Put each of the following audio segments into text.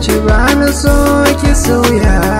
zuci ba na so ki sauya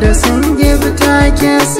da sun gibi take